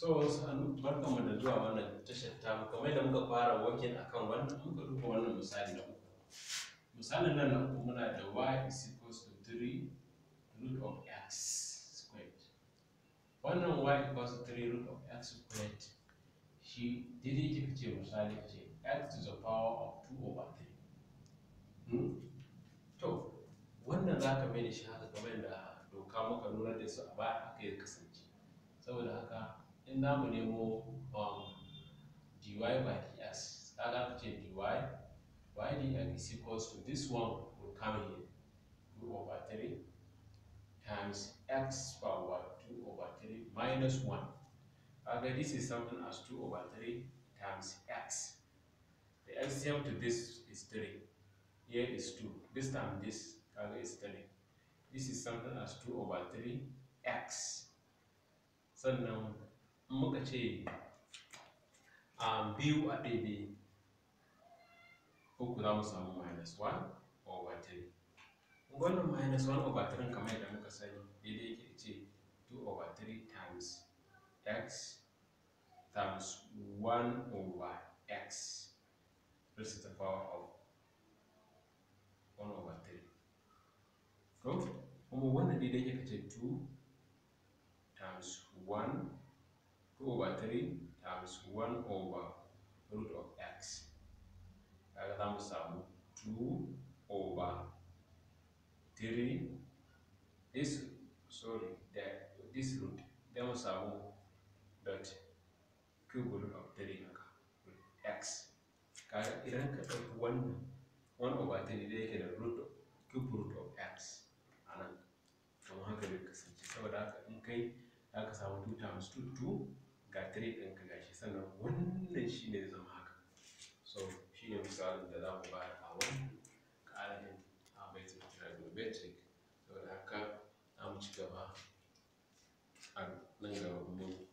so barkanmu da zuwa wannan tashar ta kamar da muka fara working akan wannan muka duba wannan misali na uku misalin nan na uku muna da y is equals to 3 root of x squared wannan y equals to 3 root of x squared shi daidai ke kace misali ce, x to the power of 2 over 3 hmm? to wannan za ka mai da shi haka kamar da doka muka nuna da su a baya aka yi kasance saboda haka in za mu nemo dy by dx kaga mu ce dy by dx is equals to this one will come here 2 over 3 times x power 2 over 3 minus 1 kaga this is something as 2 over 3 times x the LCM to this is 3 here is 2 this time this kaga is 3 this is something as 2 over 3 x So now. muka ce a um, biyu a ɗaiɗe uku za mu samu minus 1 over 3 wannan minus 1 over 3 kamar yadda muka sani daidai yake ce 2 over 3 times x times 1 over x raised to the power of 1 over 3 kuma wannan daidai yake ce 2 times 1 2 over 3 times 1 over root of x kaga za samu 2 over 3 this sorry that this root then samu dot cube root of 3 haka x kaga idan ka ɗauki wannan 1 over 3 da yake da root of cube root of x a nan haka zai kasance saboda haka in kai zaka samu 2 times 2 2 ga tire ɗin ka gashi sannan wannan shi ne zama haka so shi ne misalin da za mu bayar a wannan ƙarin abaitin trigonometric saboda haka za mu ci gaba a nan gaba mun